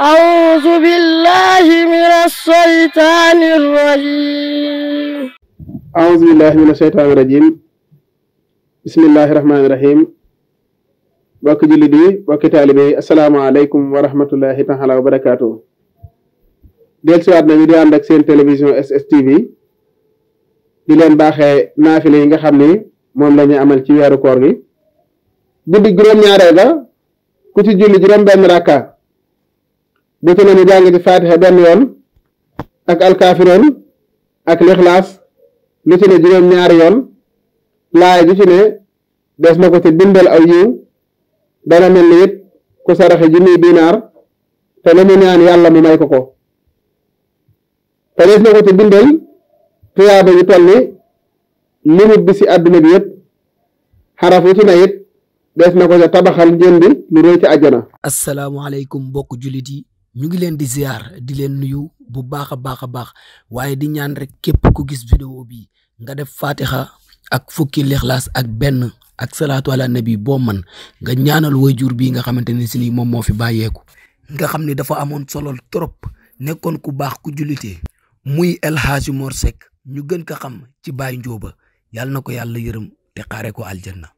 A'udzu billahi minas syaitanir rajim. A'udzu billahi minas syaitanir rajim. Bismillahirrahmanirrahim. Bakki julidi, bakki Assalamu wa rahmatullahi ta'ala wa barakatuh. Del ci wat nañu di and ak seen television SSTV. Di len baxé nafilé yi nga xamné mom lañu amal ci wéru koor gi. Guddi juroom ñaaré ga ku ci julli juroom ben rakka. bu ci ne ñu jàng ci faatixa benn yoon ak alkaafiroon ak lixlaas lu ci ne juróom ñaari yoon laay ju ci ne des na ko ci bindal aw yiw dana mel ni it ku saraxe junniy dinaar te lu mu ñaan yàlla mu may ko ko te des na ko ci bindal tuyaaba yu toll ni limut bi àdduna bi yëpp xaraf wu ci ne it des na ko ca tabaxal njënd lu rëy ci àjjana asalaamaaleykum mbokk jullit yi ñu ngi leen di ziar di leen nuyu bu baax a baax a baax waaye di ñaan rek képp ku gis vidéo bi nga def faatixa ak fukki lixlaas ak benn ak salaatu ala nabi boo man nga ñaanal wayjur bii nga xamante ne si moom moo fi bàyyeeku nga xam ni dafa amoon solo trop nekkoon ku baax ku jullite muy El Hadji Mor Seck ñu gën ko xam ci Baye Njóoba yàlla na ko yàlla yërëm te xaare ko aljanna